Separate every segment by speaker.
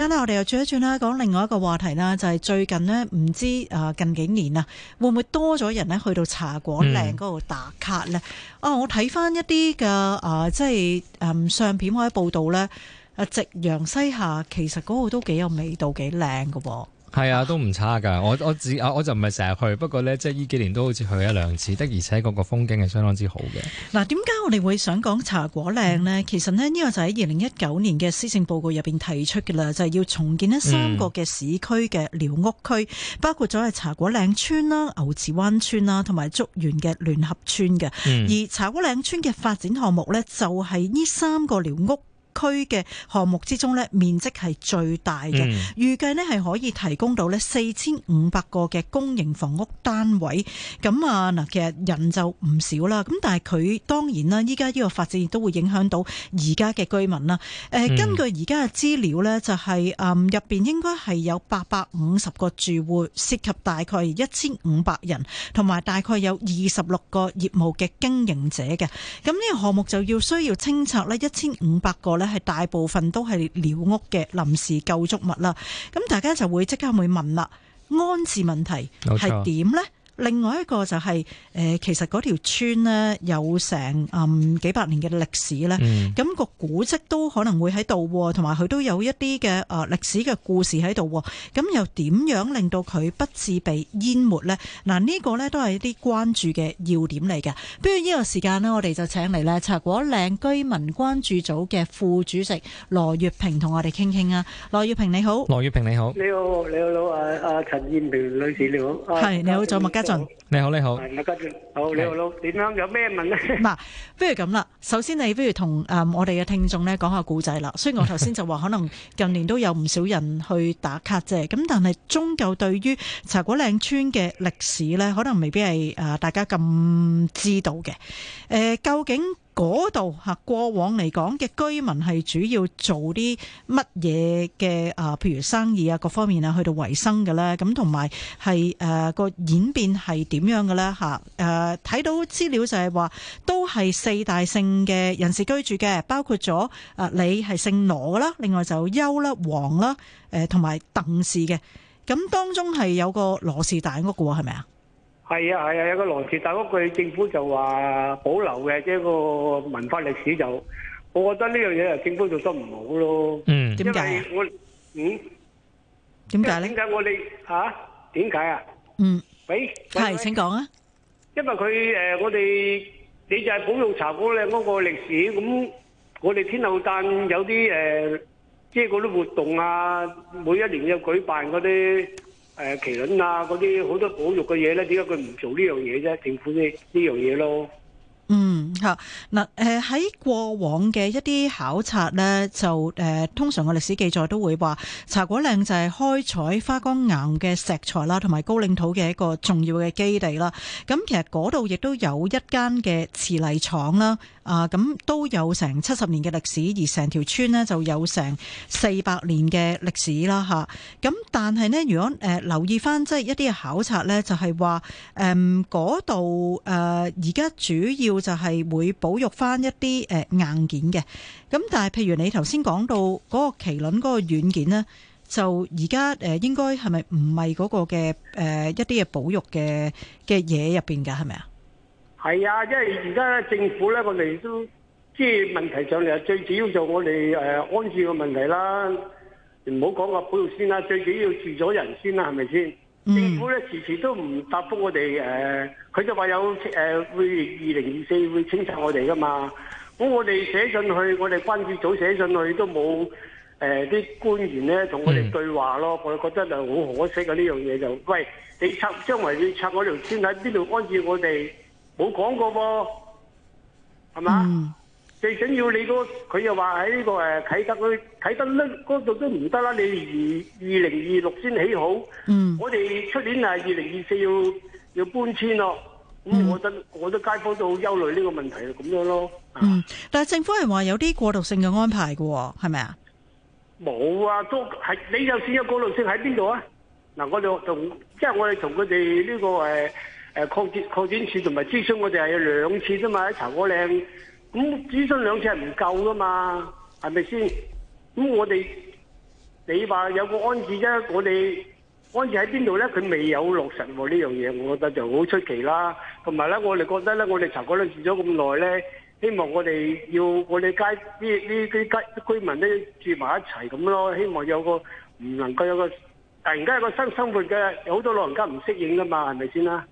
Speaker 1: 咁我哋又轉一轉啦，講另外一個話題啦，就係、是、最近呢，唔知啊近幾年啊，會唔會多咗人呢去到茶果嶺嗰度打卡咧、嗯哦？我睇翻一啲嘅啊，即係嗯相片或者報道咧，啊，夕陽西下，其實嗰個都幾有味道，幾靚噶喎。
Speaker 2: 係啊，都唔差噶。我我啊，我就唔係成日去，不過呢，即係呢幾年都好似去一兩次，的而且個個風景係相當之好嘅。
Speaker 1: 嗱，點解我哋會想講茶果嶺呢？嗯、其實呢、呢、這個就喺二零一九年嘅施政報告入邊提出嘅啦，就係、是、要重建呢三個嘅市區嘅寮屋區，嗯、包括咗係茶果嶺村啦、牛池灣村啦，同埋竹園嘅聯合村嘅。嗯、而茶果嶺村嘅發展項目呢，就係、是、呢三個寮屋。區嘅項目之中咧，面積係最大嘅，預計咧，係可以提供到咧四千五百個嘅公營房屋單位。咁啊嗱，其實人就唔少啦。咁但係佢當然啦，依家呢個發展都會影響到而家嘅居民啦。誒，根據而家嘅資料咧，就係誒入邊應該係有八百五十個住戶，涉及大概一千五百人，同埋大概有二十六個業務嘅經營者嘅。咁、這、呢個項目就要需要清拆咧一千五百個。咧係大部分都係寮屋嘅臨時構築物啦，咁大家就會即刻會問啦，安置問題係點咧？另外一個就係、是、誒，其實嗰條村呢，有成誒幾百年嘅歷史咧，咁、嗯嗯，那個古跡都可能會喺度，同埋佢都有一啲嘅誒歷史嘅故事喺度。咁又點樣令到佢不至被淹沒呢？嗱，呢個呢都係一啲關注嘅要點嚟嘅。不如呢個時間呢，我哋就請嚟呢茶果嶺居民關注組嘅副主席羅悅屏同我哋傾傾啊。羅悅屏你好，
Speaker 2: 羅悅屏你好，你
Speaker 1: 好，你好，你好老誒誒陳燕萍女士，你好，係你好，早麥家。你好，你好，係馬家俊，好，你好，老，點樣？有咩問咧？嗱，不如咁啦，首先你不如同誒我哋嘅聽眾咧講下古仔啦。雖然我頭先就話，可能近年都有唔少人去打卡啫，咁但係終究對於茶果嶺村嘅歷史咧，可能未必係誒大家咁知道嘅。誒，究竟？嗰度嚇，過往嚟講嘅居民係主要做啲乜嘢嘅啊？譬如生意啊，各方面啊，去到維生嘅咧。咁同埋係誒個演變係點樣嘅咧嚇？呃、睇到資料就係話，都係四大姓嘅人士居住嘅，包括咗啊，你係姓羅啦，另外就邱啦、黃啦、呃、同埋鄧氏嘅。咁當中係有個羅氏大屋嘅，係咪啊？
Speaker 3: 係啊，係啊，有個羅氏大屋，但嗰句政府就話保留嘅，即個文化歷史就，我覺得呢樣嘢又政府做得唔好咯。嗯，點解？我嗯，
Speaker 1: 點解咧？點
Speaker 3: 解我哋吓？點解啊？嗯，喂，
Speaker 1: 係，請講啊。
Speaker 3: 因為佢誒，我哋你就係保留茶果嶺嗰個歷史，咁我哋天后誕有啲誒，即嗰啲活動啊，每一年要舉辦嗰啲。誒麒麟啊，嗰啲好多保育嘅嘢咧，點
Speaker 1: 解佢唔做呢樣嘢啫？政府呢呢樣嘢咯？嗯吓嗱誒喺過往嘅一啲考察呢，就、呃、通常嘅歷史記載都會話茶果嶺就係開採花崗岩嘅石材啦，同埋高嶺土嘅一個重要嘅基地啦。咁其實嗰度亦都有一間嘅瓷泥廠啦。啊，咁都有成七十年嘅歷史，而成條村呢就有成四百年嘅歷史啦，咁、啊、但係呢，如果、呃、留意翻，即、就係、一啲嘅考察呢，就係話誒嗰度誒而家主要就係會保育翻一啲、呃、硬件嘅。咁但係譬如你頭先講到嗰個麒麟嗰個軟件呢，就而家誒應該係咪唔係嗰個嘅、呃、一啲嘅保育嘅嘅嘢入面㗎，係咪啊？
Speaker 3: 係啊，因為而家政府咧，我哋都即係問題上嚟，最主要就我哋誒安置嘅問題啦，唔好講話補償先啦，最緊要住咗人先啦，係咪先？嗯、政府咧遲遲都唔答覆我哋誒，佢、呃、就話有誒、呃、會二零二四會清拆我哋噶嘛？咁、嗯、我哋寫進去，我哋關注組寫進去都冇誒啲官員咧同我哋對話咯，我覺得就好可惜啊！呢樣嘢就，喂，你拆將來要拆我條村喺邊度安置我哋？冇講過噃，係嘛？最緊、mm. 要你、個佢又話喺呢個誒啟德佢啲啟德嗰度都唔得啦！你二二零二六先起好，mm. 我哋出年係二零二四要要搬遷咯。咁、mm. 我都我街都街坊都好憂慮呢個問題啊，咁、就是、樣咯。嗯，mm.
Speaker 1: 但係政府係話有啲過渡性嘅安排嘅喎，係咪啊？
Speaker 3: 冇啊，都係你就算有過渡性喺邊度啊？嗱、啊，我哋同即係我哋同佢哋呢個誒。呃誒擴展擴展處同埋諮詢，我哋係有兩次啫嘛，喺茶果嶺咁諮詢兩次係唔夠噶嘛，係咪先？咁我哋你話有個安置啫，我哋安置喺邊度咧？佢未有落實喎呢樣嘢，我覺得就好出奇啦。同埋咧，我哋覺得咧，我哋茶果嶺住咗咁耐咧，希望我哋要我哋街啲啲街居民咧住埋一齊咁咯。希望有個唔能夠有個突然間有個新生活嘅，有好多老人家唔適應噶嘛，係咪先啦？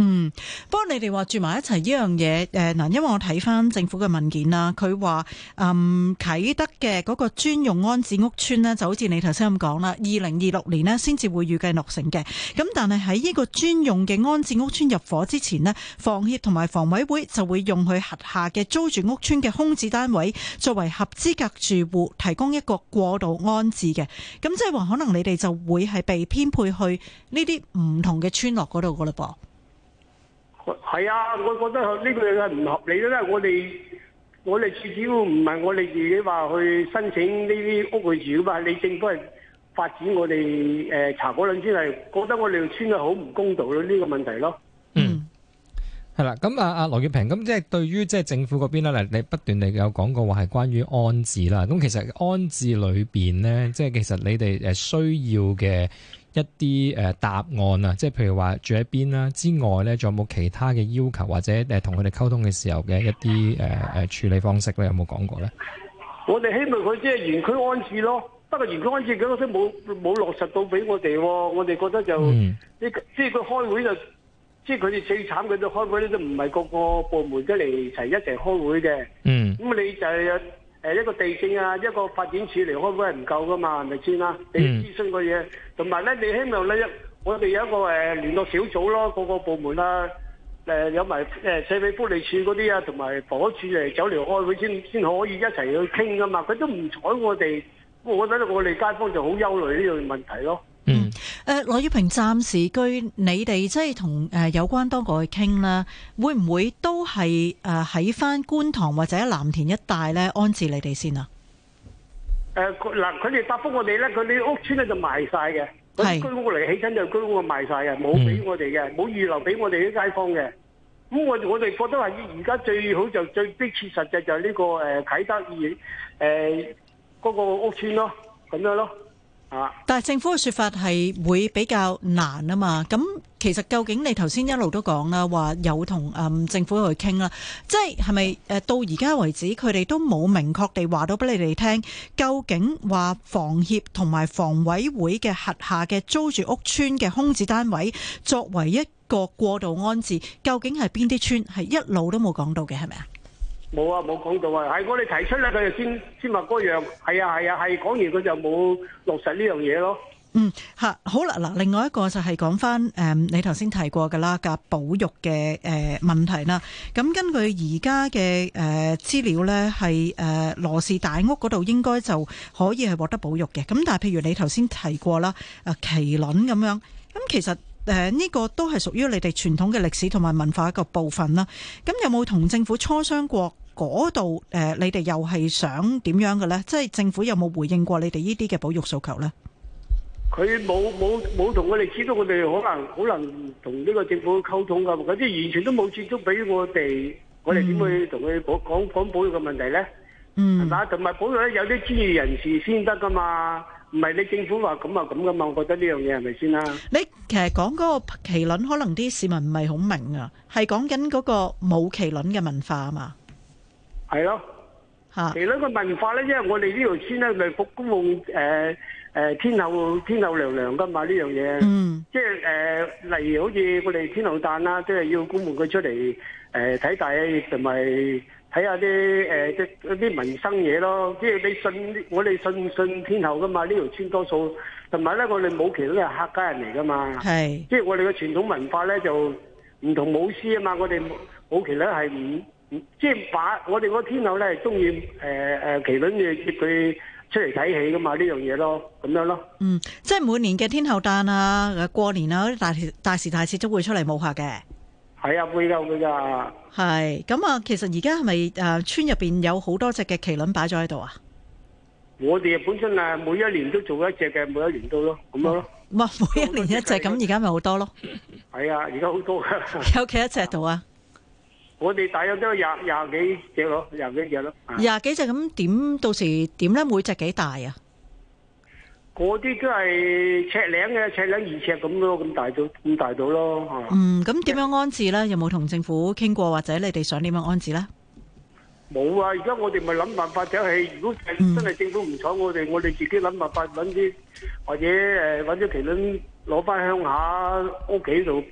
Speaker 1: 嗯，不過你哋話住埋一齊呢樣嘢誒，嗱，因為我睇翻政府嘅文件啦，佢話嗯啟德嘅嗰個專用安置屋村呢，就好似你頭先咁講啦，二零二六年呢先至會預計落成嘅。咁但係喺呢個專用嘅安置屋村入伙之前呢，房協同埋房委會就會用佢轄下嘅租住屋村嘅空置單位作為合資格住戶提供一個過渡安置嘅。咁即係話可能你哋就會係被編配去呢啲唔同嘅村落嗰度噶啦噃。
Speaker 3: 係啊，我覺得呢個係唔合理咯，因為我哋我哋始終唔係我哋自己話去申請呢啲屋去住噶嘛，你政府係發展我哋誒茶果嶺村係覺得我哋個村係好唔公道咯，呢個問題咯。嗯，
Speaker 2: 係啦、嗯，咁啊啊羅悅屏，咁即係對於即係政府嗰邊咧，嗱你不斷地有講過話係關於安置啦，咁其實安置裏邊咧，即係其實你哋誒需要嘅。一啲誒、呃、答案啊，即係譬如話住喺邊啦，之外咧仲有冇其他嘅要求，或者誒同佢哋溝通嘅時候嘅一啲誒誒處理方式咧，有冇講過咧？
Speaker 3: 我哋希望佢即係原區安置咯，不過原區安置嗰個都冇冇落實到俾我哋，我哋覺得就呢、嗯，即係佢開會就，即係佢哋最慘，佢哋開會都唔係個個部門都嚟齊一齊開會嘅。嗯，咁你就係、是。誒一個地政啊，一個發展處嚟開會係唔夠噶嘛，係咪先啦？你諮詢個嘢，同埋咧你希望咧一，我哋有一個誒聯絡小組咯，個個部門啊，呃、有埋、呃、社會福利處嗰啲啊，同埋房屋處嚟走嚟開會先先可以一齊去傾噶嘛，佢都唔睬我哋，我覺得我哋街坊就好憂慮呢樣問題咯。
Speaker 1: 誒、呃、羅悅屏，暫時據，你哋即係同、呃、有關當局去傾啦，會唔會都係誒喺返觀塘或者喺藍田一帶咧安置你哋先啊？
Speaker 3: 誒嗱、呃，佢哋答覆我哋咧，佢哋屋村咧就賣晒嘅，居是屋嚟起親就居屋賣晒嘅，冇俾我哋嘅，冇、嗯、預留俾我哋啲街坊嘅。咁我我哋覺得話而家最好就最逼切實際就係呢、這個誒、呃、啟德醫院嗰個屋村咯，咁樣咯。
Speaker 1: 但係政府嘅說法係會比較難啊嘛。咁其實究竟你頭先一路都講啦，話有同誒、嗯、政府去傾啦，即係係咪誒到而家為止，佢哋都冇明確地話到俾你哋聽，究竟話房協同埋房委會嘅轄下嘅租住屋村嘅空置單位作為一個過渡安置，究竟係邊啲村係一路都冇講到嘅，係咪啊？
Speaker 3: 冇啊，冇講到啊，係我哋提出咧，佢就先先話嗰樣，係啊係啊，係講、啊、完佢就冇落實呢樣嘢咯。
Speaker 1: 嗯，吓好啦嗱，另外一個就係講翻誒，你頭先提過噶啦，噶保育嘅誒問題啦。咁、呃、根據而家嘅誒資料呢係誒、呃、羅氏大屋嗰度應該就可以係獲得保育嘅。咁但係譬如你頭先提過啦，誒、呃、麒麟咁樣，咁、嗯、其實。誒，呢個都係屬於你哋傳統嘅歷史同埋文化一個部分啦。咁有冇同政府磋商過嗰度？誒、呃，你哋又係想點樣嘅呢？即係政府有冇回應過你哋呢啲嘅保育訴求呢？
Speaker 3: 佢冇冇冇同我哋接觸，我哋可能可能同呢個政府溝通噶佢即係完全都冇接觸俾我哋，嗯、我哋點去同佢保講講保育嘅問題呢？嗯，係嘛？同埋保育呢，有啲專業人士先得噶嘛。唔係你政府話咁啊咁噶嘛？我覺得呢樣嘢係咪先啦？
Speaker 1: 你其實講嗰個麒麟可能啲市民唔係好明啊，係講緊嗰個冇麒麟嘅文化啊嘛？
Speaker 3: 係咯，吓麒麟嘅文化咧，因為我哋呢條村咧，咪供奉誒誒天后天后娘娘噶嘛呢樣嘢，嗯，即係誒例如好似我哋天后誕啦，即係要供奉佢出嚟誒睇大，同埋。睇下啲誒啲啲民生嘢咯，即係你信，我哋信信天后噶嘛？呢條村多數，同埋咧，我哋舞麒麟都係客家人嚟噶嘛？係，即係我哋嘅傳統文化咧就唔同舞獅啊嘛，我哋舞麒麟呢係唔唔即係把我哋個天后咧係中意誒誒麒麟嘅接佢出嚟睇戲噶嘛呢樣嘢咯，咁樣咯。嗯，
Speaker 1: 即係每年嘅天后誕啊，過年啊啲大時大時，大節都會出嚟舞下嘅。
Speaker 3: 係啊，會噶
Speaker 1: 會噶。係咁啊，是是其實而家係咪誒村入邊有好多隻嘅麒麟擺咗喺度啊？
Speaker 3: 我哋本身啊，每一年都做一隻嘅，每一年都咯，
Speaker 1: 咁樣咯。唔係每一年一隻，咁而家咪好多咯。係
Speaker 3: 啊，而家好
Speaker 1: 多嘅。有幾多隻度啊？我哋大
Speaker 3: 約都廿廿幾隻咯，廿幾隻咯。
Speaker 1: 廿幾隻咁點？到時點咧？每隻幾大啊？
Speaker 3: 嗰啲都係尺零嘅，尺零二尺咁咯，咁大到咁大到咯嚇。嗯，咁
Speaker 1: 點樣安置咧？嗯、有冇同政府傾過，或者你哋想點樣安置咧？
Speaker 3: 冇啊！而家我哋咪諗辦法，就係如果真係政府唔睬我哋，嗯、我哋自己諗辦法揾啲，或者誒揾咗麒麟攞翻鄉下屋企度，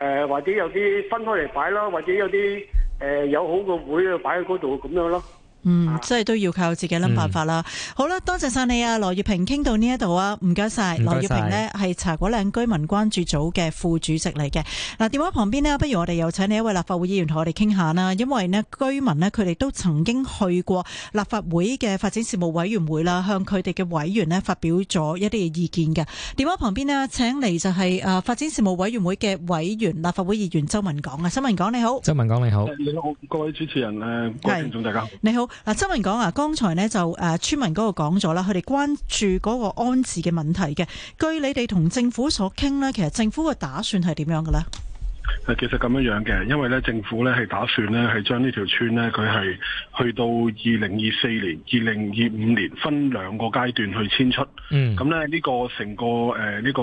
Speaker 3: 誒或者有啲分開嚟擺咯，或者有啲誒有、呃、有好嘅會擺喺嗰度咁樣咯。
Speaker 1: 嗯，即係都要靠自己諗辦法啦。好啦，多謝晒你啊，羅悅屏，傾到呢一度啊，唔該晒。羅悅屏咧，係茶果嶺居民關注組嘅副主席嚟嘅。嗱，電話旁邊咧，不如我哋又請你一位立法會議員同我哋傾下啦。因為咧，居民咧，佢哋都曾經去過立法會嘅發展事務委員會啦，向佢哋嘅委員咧發表咗一啲嘅意見嘅。電話旁邊咧，請嚟就係誒發展事務委員會嘅委員，立法會議員周文港啊，周文港你好。
Speaker 2: 周文港你好，你好，各位主持人誒，各位聽眾大家，
Speaker 1: 你好。嗱，周文港啊，剛才呢就誒村民嗰度講咗啦，佢哋關注嗰個安置嘅問題嘅。據你哋同政府所傾呢，其實政府嘅打算係點樣嘅呢？
Speaker 4: 誒，其實咁樣樣嘅，因為咧政府咧係打算咧係將呢條村咧，佢係去到二零二四年，二零二五年分兩個階段去遷出。嗯。咁咧呢個成個誒呢、呃這個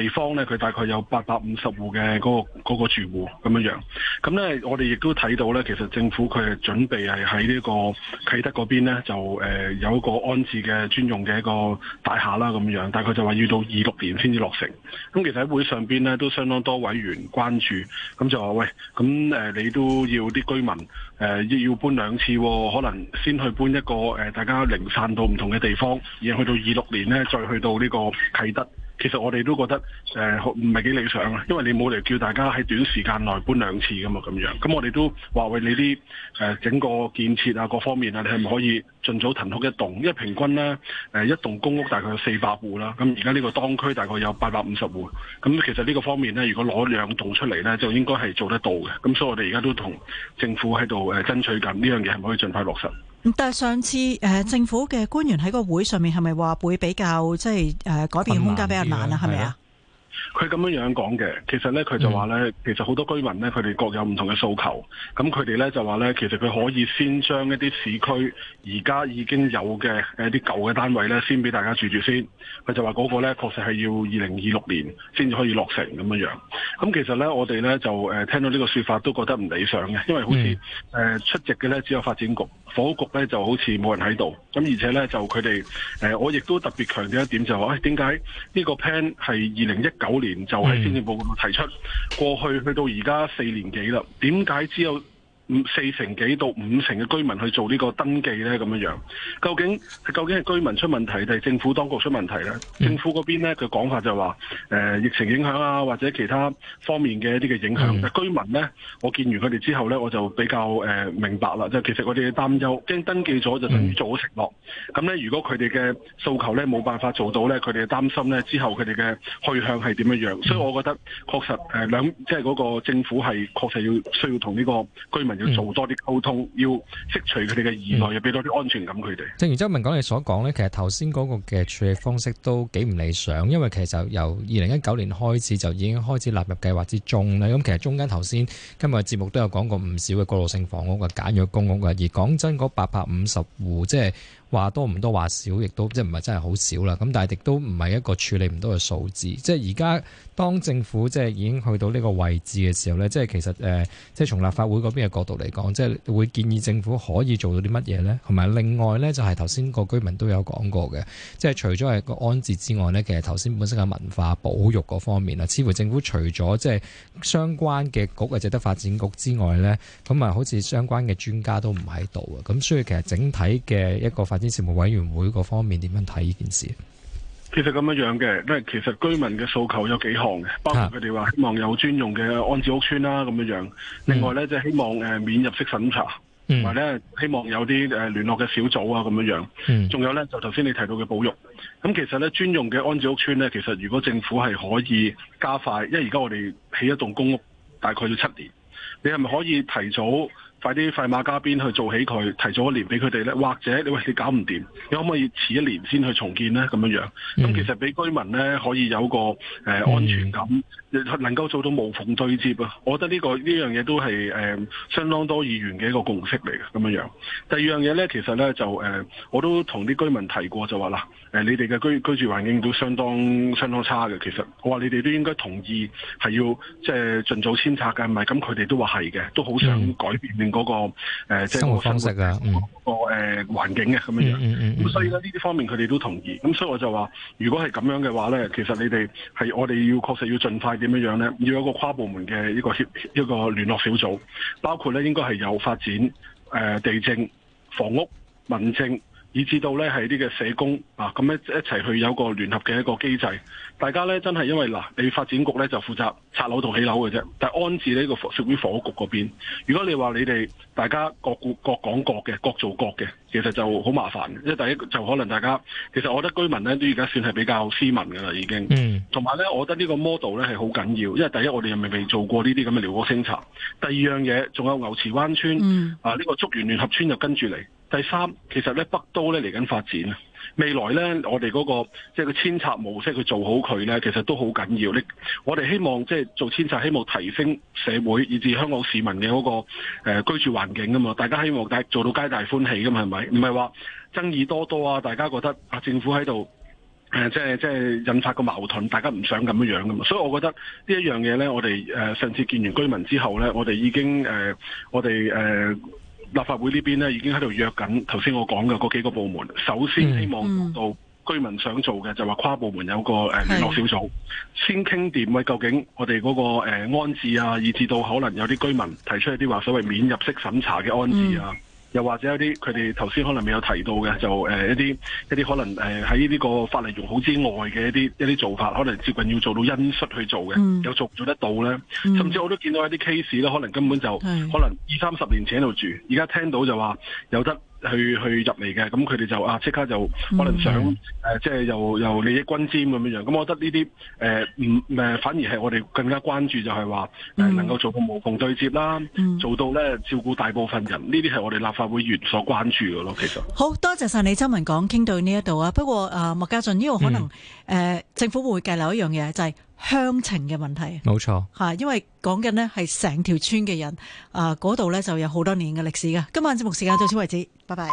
Speaker 4: 地方咧，佢大概有八百五十戶嘅嗰，那個嗰，那個住戶咁樣樣。咁咧我哋亦都睇到咧，其實政府佢係準備係喺呢個啟德嗰邊咧，就誒、呃、有一個安置嘅專用嘅一個大廈啦咁樣樣。但係佢就話要到二六年先至落成。咁其實喺會上邊咧都相當多委員關。住咁就話喂，咁誒你都要啲居民誒、呃、要搬兩次，哦，可能先去搬一個誒、呃，大家零散到唔同嘅地方，然後去到二六年咧再去到呢個啟德。其實我哋都覺得誒唔係幾理想啊，因為你冇嚟叫大家喺短時間內搬兩次噶嘛咁樣。咁我哋都話為你啲誒、呃、整個建設啊各方面啊，你係咪可以盡早騰空一棟？因為平均呢，呃、一棟公屋大概有四百戶啦。咁而家呢個當區大概有八百五十戶。咁其實呢個方面呢，如果攞兩棟出嚟呢，就應該係做得到嘅。咁所以我哋而家都同政府喺度誒爭取緊呢樣嘢，係咪可以盡快落實？
Speaker 1: 但係上次誒、呃、政府嘅官員喺個會上面係咪話會比較即係誒、呃、改變空間比較難啊？係咪啊？是
Speaker 4: 佢咁樣樣講嘅，其實咧佢就話咧，其實好多居民咧，佢哋各有唔同嘅訴求，咁佢哋咧就話咧，其實佢可以先將一啲市區而家已經有嘅一啲舊嘅單位咧，先俾大家住住先。佢就話嗰個咧，確實係要二零二六年先至可以落成咁樣樣。咁其實咧，我哋咧就誒、呃、聽到呢個說法都覺得唔理想嘅，因為好似、嗯呃、出席嘅咧只有發展局、房屋局咧，就好似冇人喺度。咁而且咧，就佢哋，誒、呃，我亦都特別強調一點，就是，就、哎、話，點解呢個 plan 係二零一九年就喺施政報告度提出，過去去到而家四年幾啦，點解只有，五四成幾到五成嘅居民去做呢個登記呢，咁樣樣究竟係究竟係居民出問題定係政府當局出問題呢？嗯、政府嗰邊呢，嘅講法就話、是呃，疫情影響啊，或者其他方面嘅一啲嘅影響。嗯、居民呢，我見完佢哋之後呢，我就比較、呃、明白啦。就其實我哋嘅擔憂，驚登記咗就等於做咗承諾。咁、嗯嗯、呢，如果佢哋嘅訴求呢冇辦法做到呢，佢哋嘅擔心呢之後佢哋嘅去向係點樣樣？嗯、所以我覺得確實誒兩、呃，即係嗰個政府係確實要需要同呢個居民。要做多啲溝通，要識除佢哋嘅疑慮，又俾多啲安全感佢哋。
Speaker 2: 正如周文港你所講呢，其實頭先嗰個嘅處理方式都幾唔理想，因為其實由二零一九年開始就已經開始納入計劃之中啦。咁其實中間頭先今日節目都有講過唔少嘅過渡性房屋嘅簡約公屋啊，而講真嗰八百五十戶，即係。話多唔多話少，亦都即係唔係真係好少啦。咁但係亦都唔係一個處理唔到嘅數字。即係而家當政府即係已經去到呢個位置嘅時候呢，即係其實誒，即係從立法會嗰邊嘅角度嚟講，即係會建議政府可以做到啲乜嘢呢？同埋另外呢，就係頭先個居民都有講過嘅，即係除咗係個安置之外呢，其實頭先本身嘅文化保育嗰方面啦，似乎政府除咗即係相關嘅局或者得發展局之外呢，咁啊，好似相關嘅專家都唔喺度啊。咁所以其實整體嘅一個啲事務委員會嗰方面點樣睇呢件事？
Speaker 4: 其實咁樣樣嘅，因為其實居民嘅訴求有幾項嘅，包括佢哋話希望有專用嘅安置屋村啦，咁樣樣。另外咧，就、嗯、希望誒免入息審查，同埋咧希望有啲誒聯絡嘅小組啊，咁樣樣。仲、嗯、有咧就頭先你提到嘅保育，咁其實咧專用嘅安置屋村咧，其實如果政府係可以加快，因為而家我哋起一棟公屋大概要七年，你係咪可以提早？快啲快馬加鞭去做起佢，提早一年俾佢哋咧，或者你話你搞唔掂，你可唔可以遲一年先去重建咧？咁樣樣，咁其實俾居民咧可以有個誒、呃、安全感，能夠做到無縫對接啊！我覺得呢、這個呢樣嘢都係誒、呃、相當多議員嘅一個共識嚟嘅咁樣樣。第二樣嘢咧，其實咧就誒、呃，我都同啲居民提過就話啦、呃，你哋嘅居居住環境都相當相當差嘅。其實我話你哋都應該同意係要即係盡早遷拆嘅，係咪？咁佢哋都話係嘅，都好想改變、嗯嗰、嗰個、呃、生活方
Speaker 1: 式
Speaker 4: 啊，嗯、環境嘅咁樣樣、嗯嗯嗯、咁所以咧呢啲方面佢哋都同意，咁所以我就話，如果係咁樣嘅話咧，其實你哋係我哋要確實要盡快點樣樣咧，要有一個跨部門嘅一個協一個聯絡小組，包括咧應該係有發展、呃、地政、房屋、民政。以至到咧係呢個社工啊，咁咧一齊去有個聯合嘅一個機制，大家咧真係因為嗱，你發展局咧就負責拆樓同起樓嘅啫，但安置呢個屬於房屋局嗰邊。如果你話你哋大家各各，各講各嘅，各做各嘅，其實就好麻煩。因為第一就可能大家其實我覺得居民咧都而家算係比較斯文㗎啦，已經。嗯，同埋咧，我覺得呢個 model 咧係好緊要，因為第一我哋又未未做過呢啲咁嘅寮屋清拆。第二樣嘢仲有牛池灣村、嗯、啊、呢、這個竹園聯合村就跟住嚟。第三，其實咧北都咧嚟緊發展啊，未來咧我哋嗰個即係個遷拆模式，去做好佢咧，其實都好緊要。你我哋希望即係做遷拆，希望提升社會以至香港市民嘅嗰個呃居住環境㗎嘛，大家希望大做到皆大歡喜㗎嘛，係咪？唔係話爭議多多啊，大家覺得啊政府喺度呃即係即係引發個矛盾，大家唔想咁樣樣噶嘛。所以我覺得呢一樣嘢咧，我哋誒上次見完居民之後咧，我哋已經誒我哋立法會呢邊咧已經喺度約緊，頭先我講嘅嗰幾個部門，首先希望到居民想做嘅就話跨部門有個誒聯絡小組，的先傾掂啊，究竟我哋嗰個誒安置啊，以至到可能有啲居民提出一啲話所謂免入息審查嘅安置啊。又或者有啲佢哋頭先可能未有提到嘅，就誒、呃、一啲一啲可能誒喺呢個法例用好之外嘅一啲一啲做法，可能接近要做到恩恤去做嘅，又、嗯、做唔做得到咧。嗯、甚至我都見到一啲 case 咧，可能根本就是可能二三十年前喺度住，而家聽到就話有得。去去入嚟嘅，咁佢哋就啊即刻就可能想誒，即係又又利益均沾咁樣樣。咁我覺得呢啲誒唔誒，反而係我哋更加關注就係話誒能夠做到無縫對接啦，嗯、做到咧照顧大部分人。呢啲係我哋立法會議員所關注嘅咯，其實。
Speaker 1: 好，多謝晒你，周文港傾到呢一度啊。不過誒，莫、呃、家俊呢個可能誒、嗯呃，政府會計留一樣嘢就係、是。鄉情嘅問題，冇錯吓，因為講緊呢係成條村嘅人，啊嗰度呢就有好多年嘅歷史㗎。今晚節目時間到此為止，拜拜。